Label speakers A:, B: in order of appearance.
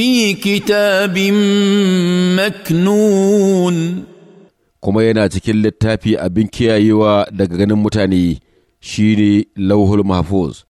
A: في kitabin
B: maknun kuma yana cikin littafi abin kiyayewa daga ganin mutane shine
C: lauhul mahfuz